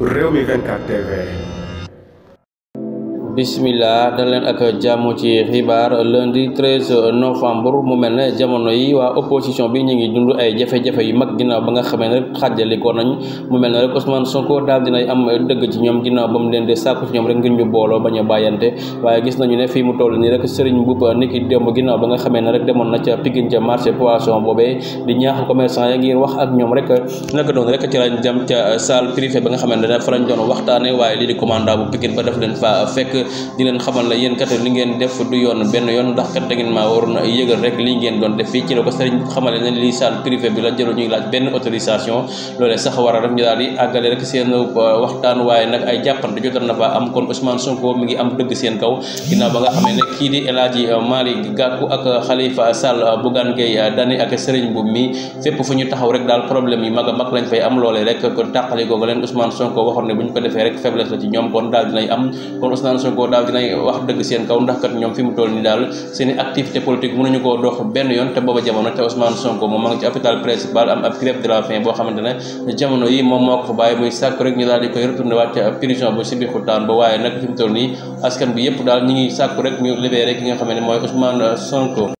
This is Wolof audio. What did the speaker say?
Réumi 24 TV. bismillah dañ leen ak jàmm ci xibaar lundi 13 novembre mu mel ne jamono yi waa opposition bi ñu ngi dund ay jafe-jafe yu mag ginnaaw ba nga xamee ne rek xàjjalikoo nañ mu mel ne rek Ousmane Sonko daal dinay am dëgg ci ñoom ginnaaw ba mu leen di rek ngir ñu booloo bañ bàyyante waaye gis nañu ne fii mu toll nii rek Serigne Mboup niki démb ginnaaw ba nga xamee ne rek demoon na ca Pikine ca marché poisson boobee di ñaax commerçant ya ngir wax ak ñoom rek naka doon rek ca lañ jëm ca salle privée ne fa lañ doon waxtaane waaye lii di len xamal la yeen kat li ngeen def du yoon ben yoon ndax kat da ngeen maa waroon iya yëgal rek li ngeen doon def fi ci lako serigne xamal xamale li lii salle privé bi la jëru ñuy laaj ben autorisation lolé sax wara rek ñu dal di agalé rek seen waxtaan waye nak ay jàppante jotoon na fa am kon Ousmane Sonko mi ngi am dëgg seen kaw ginnaaw ba nga xamé ne ki di El Hadji eh, Malick Gakou ak Khalifa Sall eh, Bougane Gueye eh, dani ak Serigne bu mi fepp fu ñu taxaw rek dal problème yi maga a mag lañ fay am lolé rek ko tàqali googu Ousmane Sonko waxoon ne bu ko defee rek faiblesse la ci ñom kon dal dinañ am kon Ousmane Sonko dëggoo daal dinañ wax dëgg seen kaw ndax kat ñoom fi toll ni daal seen activité politique mënuñu koo dox benn yoon te booba jamono te Ousmane Sonko moom ma ngi hôpital principal am ab grève de la faim boo xamante ne jamono yi moom moo ko fa bàyyi muy sàkk rek ñu daal di koy retourné waat prison bu si bixutaan ba waaye nag fi toll nii askan bi yëpp daal ñi ngi sàkku rek ñu libéré ki nga xam ne mooy Ousmane Sonko